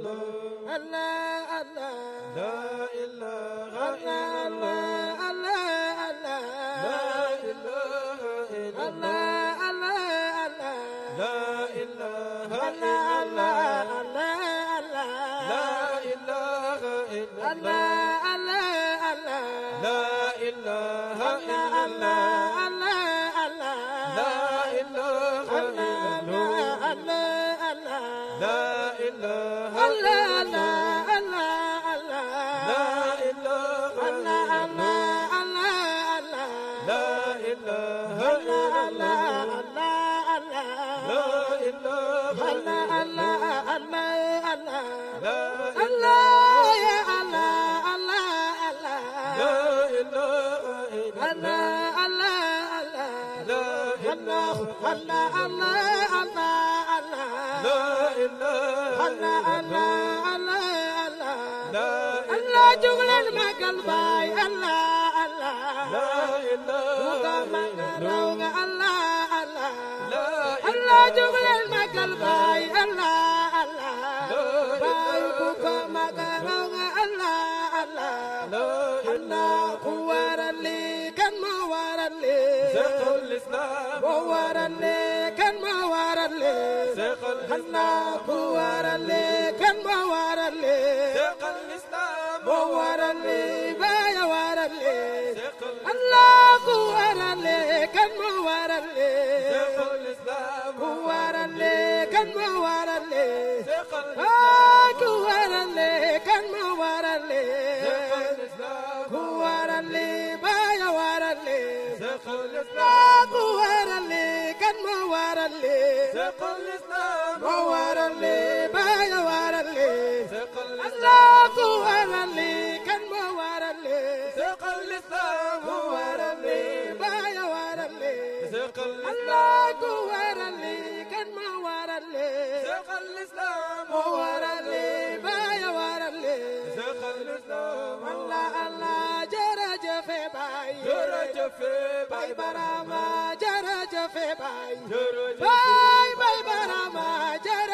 la la Allah Allah Allah jóg leen màggal baay Allah Allah lu ko mën a raw nga Allah Allah Allah jóg leen màggal baay Allah Allah baay bu ko mën a raw nga Allah Allah Allah ku waral lii kan ma waral lii Seexul Islaam boo waral lii kan ma waral lii Seexul Islaam Allah ku waral lii kan ma waral lii Seexul Islaam moo waral lii ku waral lii kan moo waral lii seqal lislaam ku waral lii baaya waral lii seqal Allah ku waral lii kan moo waral lii seqal lislaam ku waral lii baaya waral lii seqal lislaam Allah Allah jërëjëf baay jërëjëf baay Barama jërëjëf baay baay baay Barama jërëjëf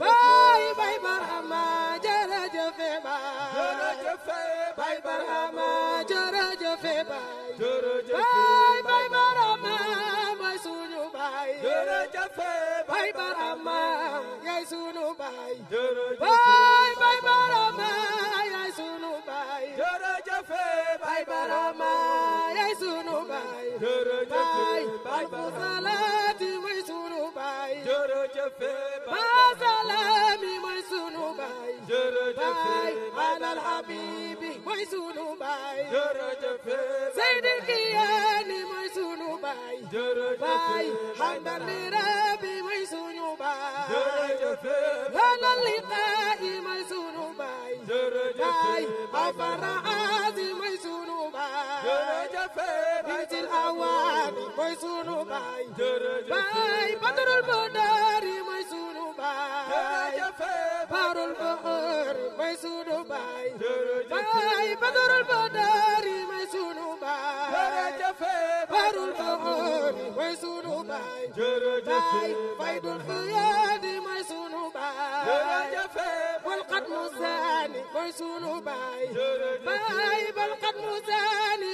bay bay barama jërëjëf sunu bay jërëjëf bay barama yaay sunu bay salaami mooy sunu baay. jërëjëf baay alal habibi mooy sunu baay. jërëjëf Seydi Kiyaani mooy sunu baay. jërëjëf baay Hamdali Rabbi mooy sunu baay. jërëjëf alal liqaa'i mooy sunu baay. jërëjëf baay Afara Aasi mooy sunu baay. jërëjëf Bintil Awaani mooy sunu baay. jërëjëf baay Badrul Muda Faarul Bahar may sunu baay baay Badarul Badar may sunu baay Faarul Bahar may sunu baay baay Faydul Qiyaad may sunu baay wal qad musaani may sunu baay baay bal qad musaani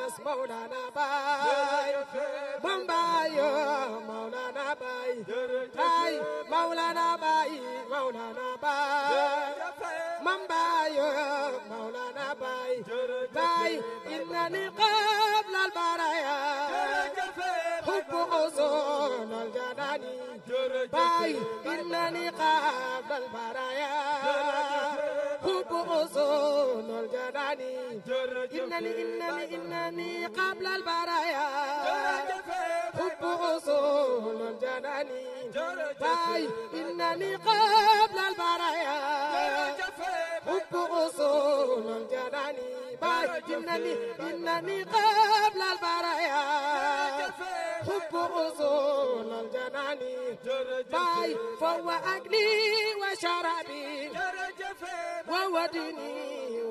ñas Mawlana Baay Bambaay Mawlana Baay ay Mawlana Baay Mawlana Baay Bambaay Mawlana Baay Baay innani qabla al-baraaya hubbu usul al-janaani Baay innani qabla al-baraaya hubbu usul الجداني إنني إنني إنني قبل البرايا حب أصول الجناني باي إنني قبل البرايا حب أصول الجناني باي إنني إنني قبل البرايا حب أصول الجناني باي فهو أكلي وشرابي وودني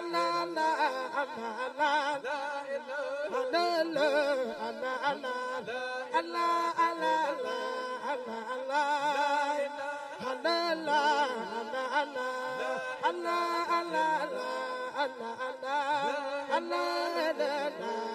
أنا أنا أنا أنا أنا لا أنا أنا أنا أنا لا أنا أنا أنا لا أنا أنا أنا أنا لا أنا أنا أنا لا